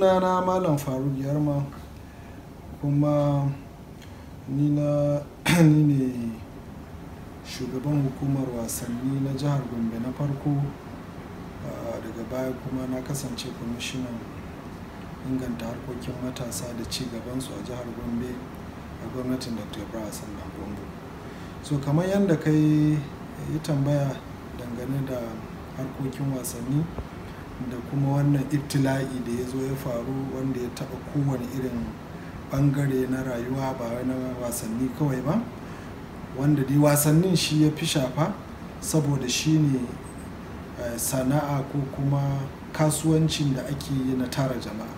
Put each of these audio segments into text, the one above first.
sunana malam faruk yarma kuma ni na ni ne shugaban hukumar wasanni na jihar gombe na farko daga baya kuma na kasance kwamishinan inganta harkokin matasa da ci gabansu a jihar gombe a gwamnatin dr ibrahim hassan gombe so kamar yadda kai yi tambaya dangane da harkokin wasanni da kuma wannan ibtila'i da ya zo ya faru wanda ya taba kowane irin bangare na rayuwa ba na wasanni kawai ba wanda dai wasannin shi ya fi shafa saboda shi ne eh, sana'a ko kuma kasuwancin da ake yi na tara jama'a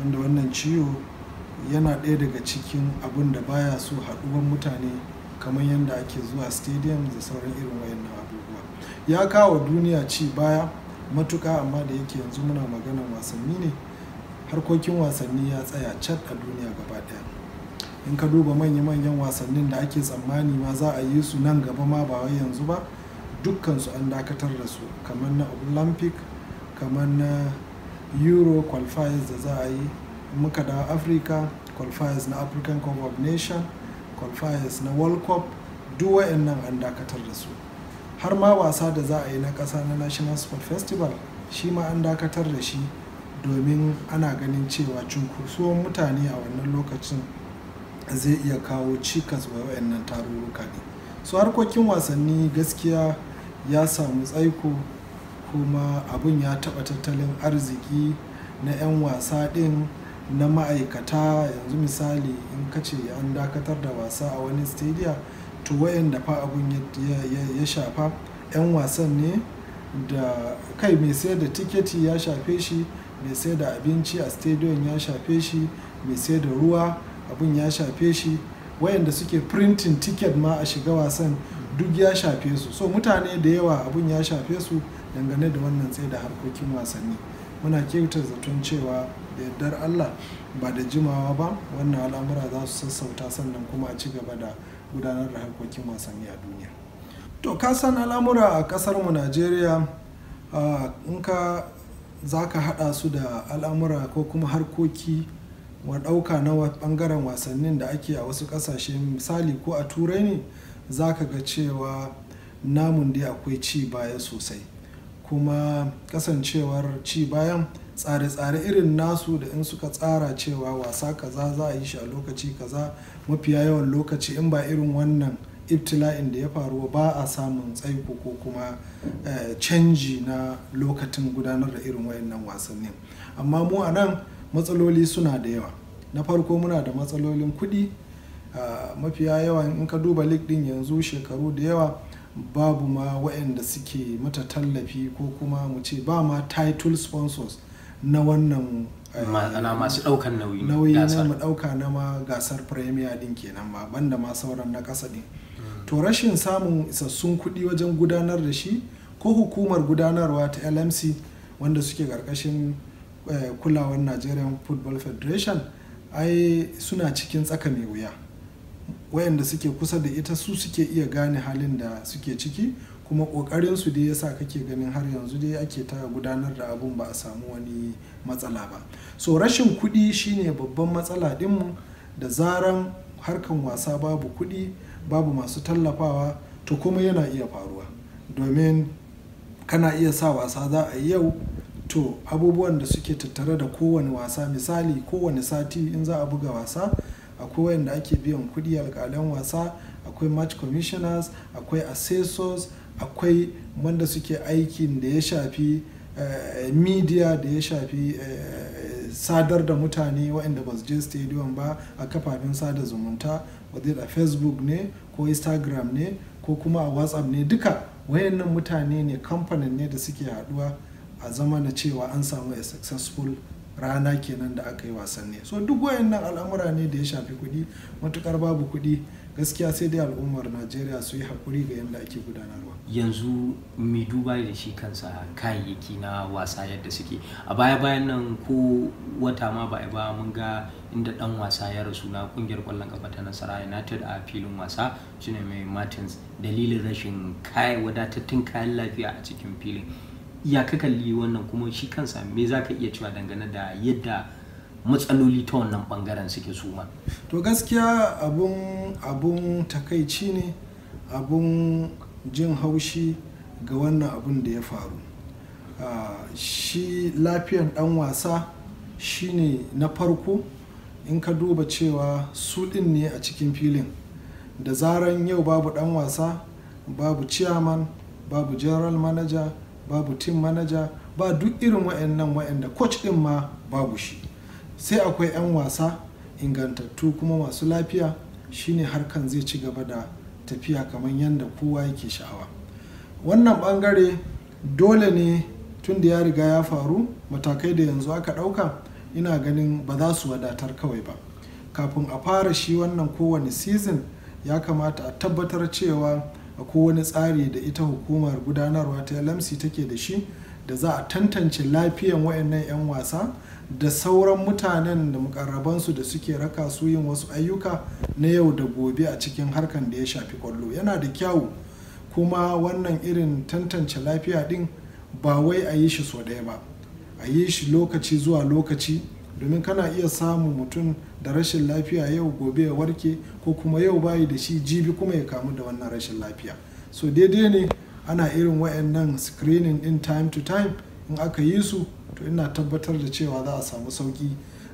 wanda wannan ciwo yana ɗaya daga cikin abun da baya so haɗuwan mutane kamar yadda ake zuwa stadium da sauran irin wayannan abubuwa ya kawo duniya ci baya matuka amma da yake yanzu muna magana wasanni ne harkokin wasanni ya tsaya cat a duniya gaba daya in ka duba manya-manyan wasannin da ake tsammani ma za a yi su nan gaba ma ba wai yanzu ba dukkansu an dakatar da su kamar na olympic kamar na euro qualifiers da za a yi muka da africa qualifiers na african cup of nation qualifiers na world cup duk wa'annan an dakatar da su har ma wasa da za a yi na ƙasa na national sport festival shi ma an dakatar da shi domin ana ganin cewa cunkusuwan mutane a wannan lokacin zai iya kawo cikas wa wayannan tarurruka ne su harkokin wasanni gaskiya ya samu tsaiko kuma abun ya taɓa tattalin arziki na 'yan wasa ɗin na ma'aikata yanzu misali in kace an dakatar da wasa a wani stadium to wayanda fa abun ya shafa 'yan wasan ne da kai mai sayar da tiketi ya shafe shi mai sayar da abinci a stadion ya shafe shi mai sayar da ruwa abun ya shafe shi wayanda suke printing tiket ma a shiga wasan duk ya shafe su so mutane da yawa abun ya shafe su dangane da wannan tsaye da harkokin wasanni muna kyautar zaton cewa da yardar allah ba da jimawa ba wannan al'amura za su sassauta sannan kuma a ci gaba da gudanar da harkokin wasanni a duniya to ka san al'amura a kasar mu najeriya in ka za ka haɗa su da al'amura ko kuma harkoki wa ɗauka na bangaren wasannin da ake a wasu ƙasashe misali ko a turai ne za ka ga cewa namun dai akwai ci baya sosai kuma kasancewar ci bayan tsare-tsare irin nasu da in suka tsara cewa wasa kaza za a yi shi a lokaci kaza mafiya yawan lokaci in ba irin wannan ibtila'in da ya faru ba a samun tsaiko ko kuma eh, canji na lokacin gudanar da irin wayannan wasannin amma mu a nan matsaloli suna da yawa na farko muna da matsalolin kuɗi ah, mafiya yawan in ka duba lig yanzu shekaru da yawa babu ma wayanda suke mata tallafi ko kuma mu ce ba ma title sponsors na wannan ana masu daukan nauyi nauyi na mu dauka na ma gasar premier din kenan ba banda ma sauran na kasa din hmm. to rashin samun isassun kuɗi wajen gudanar da shi ko hukumar gudanarwa ta lmc wanda suke karkashin eh, kulawar nigerian football federation ai suna cikin tsaka mai wuya wayanda suke kusa da ita su suke iya gane halin da suke ciki kuma kokarin su dai yasa kake ganin har yanzu dai ake ta gudanar da abun ba a samu wani matsala ba so rashin kuɗi shine babban matsala dinmu da zaran harkan wasa babu kuɗi babu masu tallafawa to kuma yana iya faruwa domin kana iya sa wasa za a yi yau to abubuwan da suke tattare da kowane wasa misali kowane sati in za a buga wasa akwai wayanda ake biyan kuɗi alƙalan wasa akwai match commissioners akwai assessors akwai wanda suke aikin da ya shafi eh, media da ya shafi eh, sadar da mutane waɗanda ba su je stadium ba a kafafen sada zumunta wadda a facebook ne ko instagram ne ko kuma a whatsapp ne duka wayannan mutane ne kamfanin ne da suke haɗuwa a zama na cewa an samu a successful rana kenan da aka yi wasanni so duk wayannan al'amura ne da ya shafi kuɗi matukar babu kuɗi gaskiya sai dai al'ummar najeriya su yi haƙuri ga yadda ake gudanarwa yanzu mai duba da shi kansa kayayyaki na wasa yadda suke a baya bayan nan ko wata ma ba ba mun ga inda dan wasa ya rasu na kungiyar kwallon kafa ta nasara united a filin wasa shine mai martins dalilin rashin kayan wadatattun kayan lafiya a cikin filin ya ka kalli wannan kuma shi kansa me za ka iya cewa dangane da yadda matsaloli ta wannan bangaren suke suma to gaskiya abun abun takaici ne abun jin haushi ga wannan abun da ya faru shi lafiyan dan wasa shine na farko in ka duba cewa su ɗin ne a cikin filin da zaran yau babu dan wasa babu chairman babu general manager babu team manager ba duk irin wa'annan wa'anda coach din ma babu shi sai akwai 'yan wasa ingantattu kuma masu lafiya shine harkan zai ci gaba da tafiya kamar yadda kowa yake sha'awa wannan bangare dole ne tun da ya riga ya faru matakai da yanzu aka ɗauka ina ganin ba za su wadatar kawai ba kafin a fara shi wannan kowane season ya kamata a tabbatar cewa a kowane tsari da ita hukumar gudanarwa ta lamsi take da shi da za a tantance lafiyan wayannan 'yan wasa da sauran mutanen da mukarrabansu da suke raka su yin wasu ayyuka na yau da gobe a cikin harkan da ya shafi kwallo yana da kyawu kuma wannan irin tantance lafiya din ba wai a yi shi so ɗaya ba a yi shi lokaci zuwa lokaci domin kana iya samun mutum da rashin lafiya yau gobe ya warke ko kuma yau bayi da shi jibi kuma ya kamu da wannan rashin lafiya so daidai ne ana irin wayannan screening din time to time in aka yi su to ina tabbatar da cewa za a samu sauki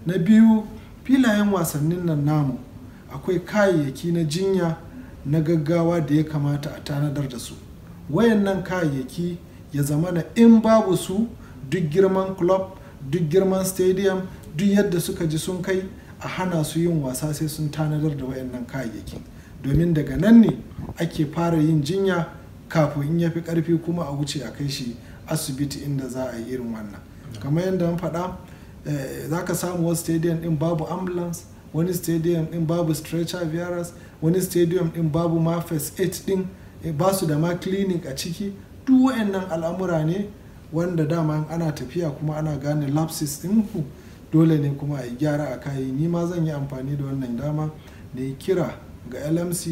na biyu filayen wasannin nan namu akwai kayayyaki na jinya na gaggawa da ya kamata a tanadar da su wayannan kayayyaki ya zama na in babu su duk girman club duk girman stadium duk yadda suka ji sun kai a hana su yin wasa sai sun tanadar da wayannan kayayyaki domin daga nan ne ake fara yin jinya kafin ya fi karfi kuma a wuce a kai shi asibiti inda za a yi irin wannan kamar yadda an faɗa eh, za ka samu wasu stadium din babu ambulance wani stadium din babu stretcher virus wani stadium din babu ma first aid din ba su da ma clinic a ciki duk wayannan al'amura ne wanda dama ana tafiya kuma ana gane lapses din ku dole ne kuma a yi gyara a kayi ni ma zan yi amfani da wannan dama ne kira ga lmc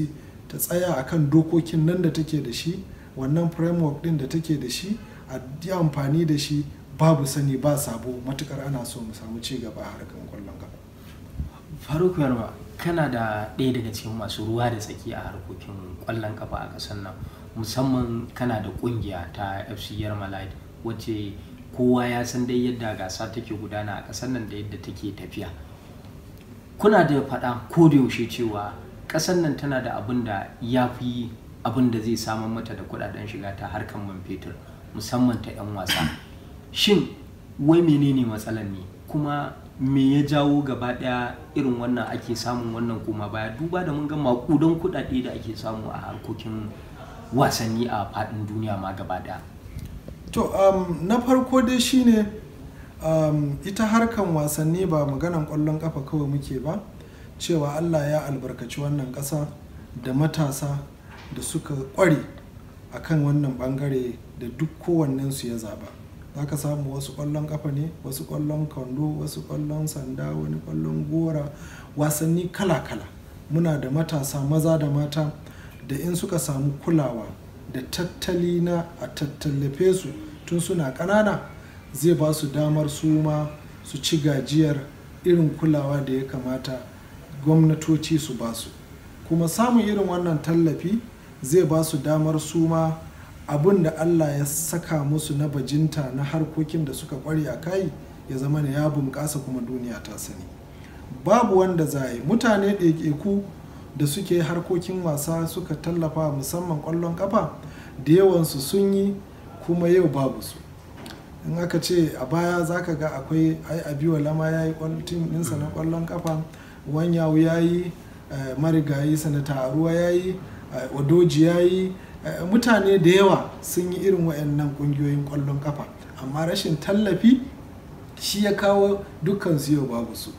ta tsaya a kan dokokin nan da take da shi wannan framework din da take da shi a yi amfani da shi babu sani ba sabo matukar ana so mu samu ci gaba a harkar kwallon ka faruk yarba kana da ɗaya daga cikin masu ruwa da tsaki a harkokin kwallon kafa a ƙasar nan musamman kana da ƙungiya ta fc yarmalite wacce kowa ya san dai yadda gasa take gudana a ƙasar nan da yadda take tafiya kuna da faɗa ko da yaushe cewa ƙasar nan tana da abin da ya fi abin da zai samar mata da kuɗaɗen shiga ta harkar man fetur musamman ta 'yan wasa shin wai menene matsalar ne kuma me ya jawo gaba daya irin wannan ake samun wannan koma baya duba da mun ga makudan kuɗaɗe da ake samu a harkokin wasanni a faɗin duniya ma gaba ɗaya to um, na farko dai shine um, ita harkar wasanni ba maganan ƙwallon kafa kawai muke ba cewa allah ya albarkaci wannan ƙasa da matasa da suka ƙware a kan wannan bangare da duk kowannensu ya zaɓa za ka samu wasu ƙwallon ƙafa ne wasu ƙwallon kwando wasu ƙwallon sanda wani ƙwallon gora wasanni kala-kala muna da matasa maza da mata da in suka samu kulawa da tattali na a tattallafe su tun suna ƙanana zai ba su damar su ma su ci gajiyar irin kulawa da ya kamata gwamnatoci su ba su kuma samun irin wannan tallafi zai ba su damar su ma abin da allah ya saka musu na bajinta na harkokin da suka kware a kai ya zama ya bunƙasa kuma duniya ta sani babu wanda za yi mutane ɗaiɗaiku da suke harkokin wasa suka tallafa musamman ƙwallon ƙafa da yawansu sun yi kuma yau babu su in aka ce a baya za ka ga akwai ai abiwa lama ya yi na ƙwallon ƙafa wanyawu ya yi eh, marigayi sanata aruwa ya yi eh, odoji ya yi eh, mutane da yawa sun yi irin wayannan kungiyoyin kwallon kafa amma rashin tallafi shi ya kawo dukkan ya yau babu su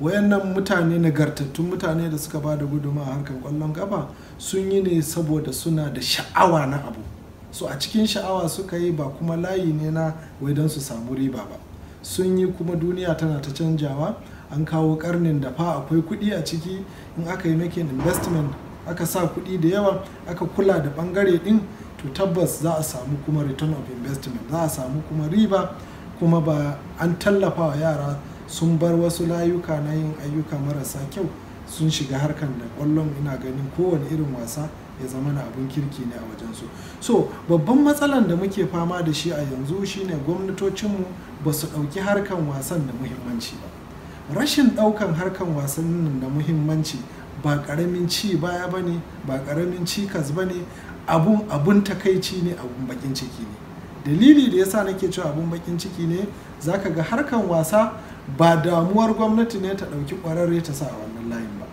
wayannan mutane nagartattun mutane da suka ba da guduma a harkar kwallon kafa sun yi ne saboda suna da sha'awa na abu so a cikin sha'awa suka yi ba kuma layi ne na wai don su samu riba ba sun yi kuma duniya tana ta canjawa an kawo karnin da fa akwai kuɗi a ciki in aka yi makin investment aka sa kuɗi da yawa aka kula da ɓangare ɗin to tabbas za a samu kuma return of investment za a samu kuma riba kuma ba an tallafa wa yara sun bar wasu layuka na yin ayyuka marasa kyau sun shiga harkan da kwallon ina ganin kowane irin wasa ya zama na abin kirki ne a wajensu so babban matsalan da muke fama da shi a yanzu shine gwamnatocinmu ba su ɗauki harkan wasan da muhimmanci ba rashin ɗaukan harkan wasannin da muhimmanci ba ƙaramin ci baya ba ne ba ƙaramin cikas ba ne abun takaici ne abun bakin ciki ne dalili da yasa nake cewa abun bakin ciki ne zaka ga harkan wasa ba damuwar gwamnati ne ta ɗauki ƙwararre ta sa a wannan layin ba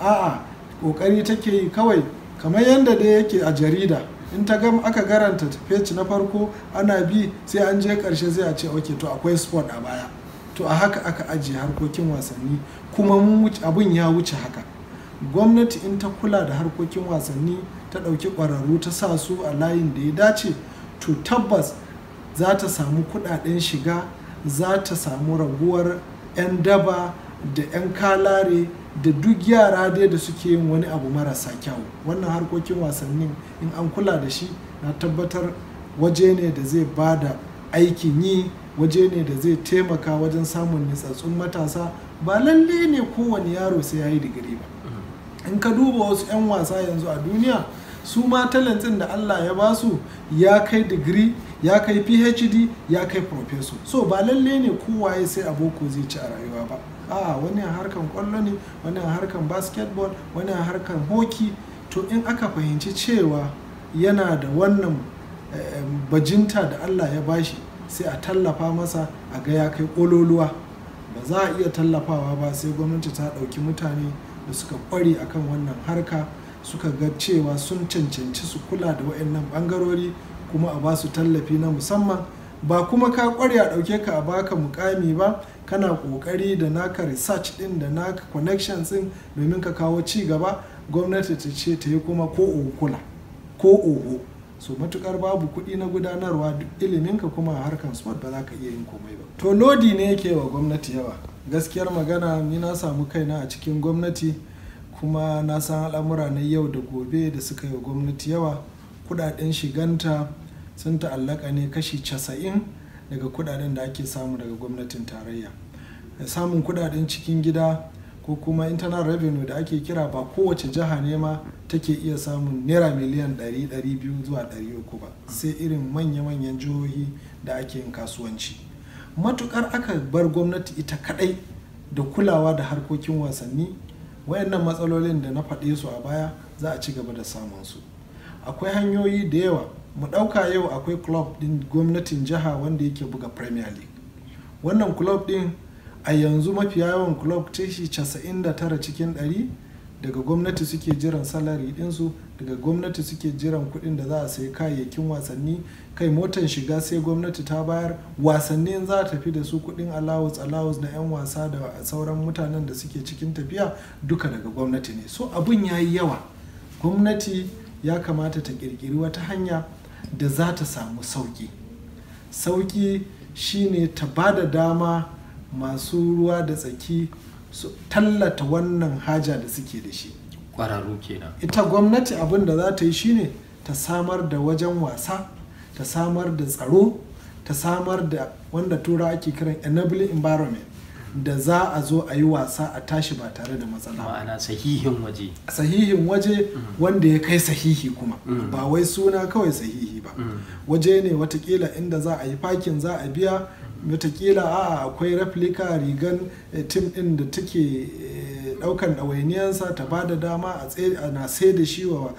a'a ƙoƙari take yi kawai kamar yadda da yake a jarida in ta gam aka garanta page na farko ana bi sai an je ƙarshe zai a ce ok to akwai sport a baya to a haka aka ajiye harkokin wasanni kuma abin ya wuce haka gwamnati in ta kula da harkokin wasanni ta ɗauki ƙwararru ta sa su a layin da ya dace to tabbas za ta samu kuɗaɗen shiga za ta samu raguwar 'yan daba da 'yan kalare da duk yara dai da suke yin wani abu marasa kyau wannan harkokin wasannin in an kula da shi na tabbatar waje ne da zai ba da aikin yi waje ne da zai taimaka wajen samun nitsatsun matasa ba lalle ne kowane yaro sai ya yi digiri ba in ka duba wasu 'yan wasa yanzu a duniya su ma talentin da Allah ya ba su ya kai digiri ya kai phd ya kai professor so ba lalle ne kowaye sai aboko zai ci a rayuwa ba a wani harkan kwallo ne wani harkan basketball wani harkan hockey to in aka fahimci cewa yana da wannan eh, eh, bajinta da Allah ya bashi sai a tallafa masa a ga ya kai ƙololuwa ba za a iya tallafawa ba sai gwamnati ta ɗauki mutane da suka ƙware akan wannan harka suka ga cewa sun cancanci su kula da waɗannan ɓangarori kuma a ba su tallafi na musamman ba kuma ka ƙware a ɗauke ka a baka mukami ba kana ƙoƙari da naka research ɗin da naka connections ɗin domin ka kawo ci gaba gwamnati ta ce ta yi kuma ko kula ko oho so matukar babu kuɗi na gudanarwa duk iliminka kuma a harkar sport ba za ka iya yin komai ba to lodi ne yake wa gwamnati yawa gaskiyar magana ni na samu kaina a cikin gwamnati kuma na san al'amura na yau da gobe da suka yi wa gwamnati yawa kudaden shiganta sun ta'allaka ne kashi casa'in daga kudaden da ake samu daga gwamnatin tarayya samun kudaden cikin gida ko kuma internal revenue da ake kira ba kowace jiha ne ma take iya samun naira miliyan ɗari 200 zuwa 300 ba sai irin manya-manyan jihohi da ake yin kasuwanci matukar aka bar gwamnati ita kadai da kulawa da harkokin wasanni wayannan matsalolin da na faɗe su a baya za a ci gaba da samun su akwai hanyoyi da yawa mu ɗauka yau akwai club din gwamnatin jiha wanda yake buga premier league wannan club din a yanzu mafi yawan club da 99 cikin 100 daga gwamnati suke jiran salari dinsu daga gwamnati suke jiran kuɗin da za a sayi kayayyakin wasanni kai motan shiga sai gwamnati ta bayar wasanni za a tafi da su kuɗin allowance allowance na 'yan wasa da sauran mutanen da suke cikin tafiya duka daga gwamnati ne so abun ya yi yawa gwamnati ya kamata ta kirkiri wata hanya da za ta samu sauƙi sauƙi shine ta ba da dama masu ruwa da tsaki su tallata wannan haja da suke da shi kwararru kenan ita gwamnati abin da za ta yi shine ta samar da wajen wasa ta samar da tsaro ta samar da wanda tura ake kiran enabling environment da za a zo a yi wasa a tashi ba tare da matsala ma'ana sahihin waje sahihin waje mm. wanda ya kai sahihi kuma mm. ba wai suna kawai sahihi ba mm. waje ne watakila inda za a yi fakin za a biya watakila a akwai replika rigan eh, tim din da take daukan eh, ɗawainiyarsa ta ba da dama a na sai da shi wa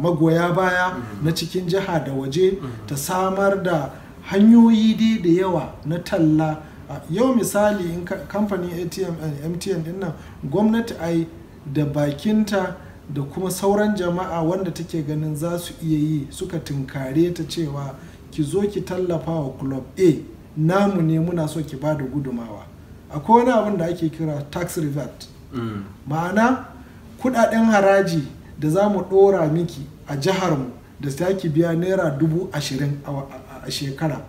magoya baya mm-hmm. na cikin jiha da waje mm-hmm. ta samar da hanyoyi dai da yawa na talla yau misali in kamfanin atm eh, mtn din nan gwamnati ai da bakinta da kuma sauran jama'a wanda take ganin za su iya yi suka tunkare ta cewa ki zo ki tallafa wa club a namu ne muna so ki ba da gudumawa akwai wani abin da ake kira tax revert mm. ma'ana kudaden haraji da za mu dora miki a jiharmu da ta ki biya naira dubu ashirin a shekara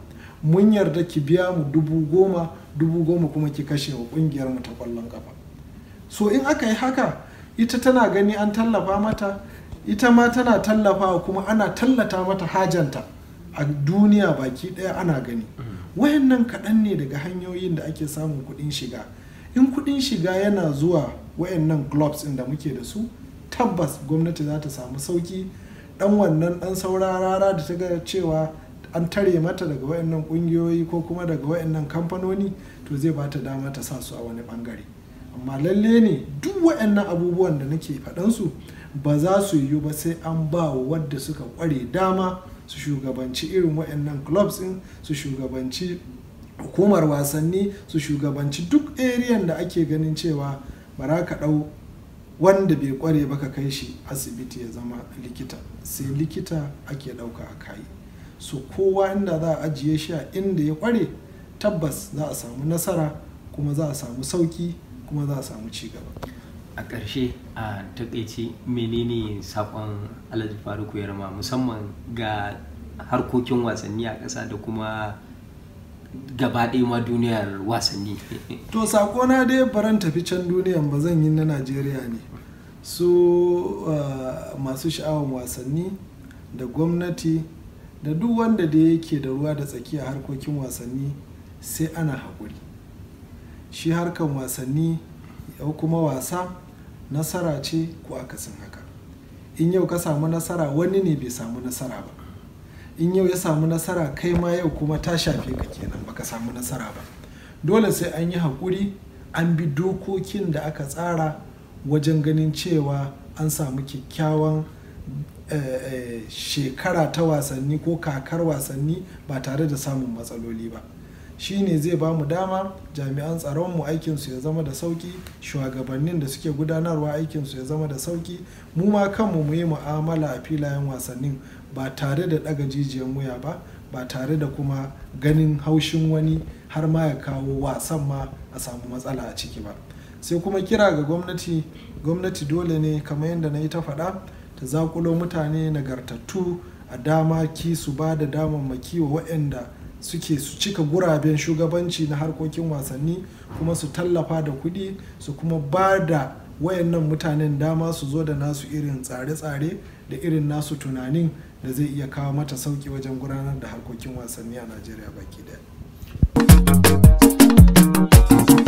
mun yarda ki biya mu dubu goma dubu goma kuma ki kashe wa kungiyar mu ta kwallon kafa so in aka yi haka ita tana gani an tallafa mata ita ma tana tallafa kuma ana tallata mata hajanta a duniya baki daya ana gani mm. wayannan kaɗan ne daga hanyoyin da ake samun kuɗin shiga in kuɗin shiga yana zuwa wayannan clubs da muke da su tabbas gwamnati za ta samu sauki ɗan wannan ɗan saurarara da ta ga cewa an tare mata daga wayannan ƙungiyoyi ko kuma daga wayannan kamfanoni to zai ba ta dama ta sa su a wani ɓangare amma lalle ne duk wayannan abubuwan da nake faɗansu ba za su yiwu ba sai an ba wadda suka ƙware dama su shugabanci irin waɗannan clubs din su shugabanci hukumar wasanni su shugabanci duk eriyan da ake ganin cewa bara ka ɗau wanda bai kware ba ka kai shi asibiti ya zama likita sai likita ake ɗauka a kayi so kowa inda za a ajiye shi a inda ya kware tabbas za a samu nasara kuma za a samu sauki kuma za a samu cigaba a ƙarshe a taƙaice menene sakon alhaji faruku rama musamman ga harkokin wasanni a ƙasa da kuma gaba ɗaya ma duniyar wasanni to sakona dai faran tafi can duniyan ba zan yi na najeriya ne su masu sha'awan wasanni da gwamnati da duk wanda da yake da ruwa da tsakiya harkokin wasanni sai ana haƙuri shi harkan wasanni ya kuma wasa nasara ce ko akasin haka in yau ka samu nasara wani ne bai samu nasara ba in yau ya samu nasara kai ma yau kuma ta shafe ka kenan baka samu nasara ba dole sai an yi haƙuri an bi dokokin da aka tsara wajen ganin cewa an samu kyakkyawan eh, eh, shekara ta wasanni ko kakar wasanni ba tare da samun matsaloli ba shi ne zai ba mu dama jami'an tsaron mu aikin su ya zama da sauki shugabannin da suke gudanarwa aikin su ya zama da sauki mu ma kanmu mu yi mu'amala a filayen wasannin ba tare da ɗaga jijiyan muya ba ba tare da kuma ganin haushin wani har ma ya kawo wasan ma a samu matsala a ciki ba sai kuma kira ga gwamnati gwamnati dole ne kamar yadda na yi ta faɗa ta zakulo mutane nagartattu a dama ki su ba da damammaki wa waɗanda suke su cika guraben shugabanci na harkokin wasanni kuma su tallafa da kuɗi su kuma ba da wayannan mutanen dama su zo da nasu irin tsare-tsare da irin nasu tunanin da zai iya kawo mata sauki wajen gudanar da harkokin wasanni a najeriya baki daya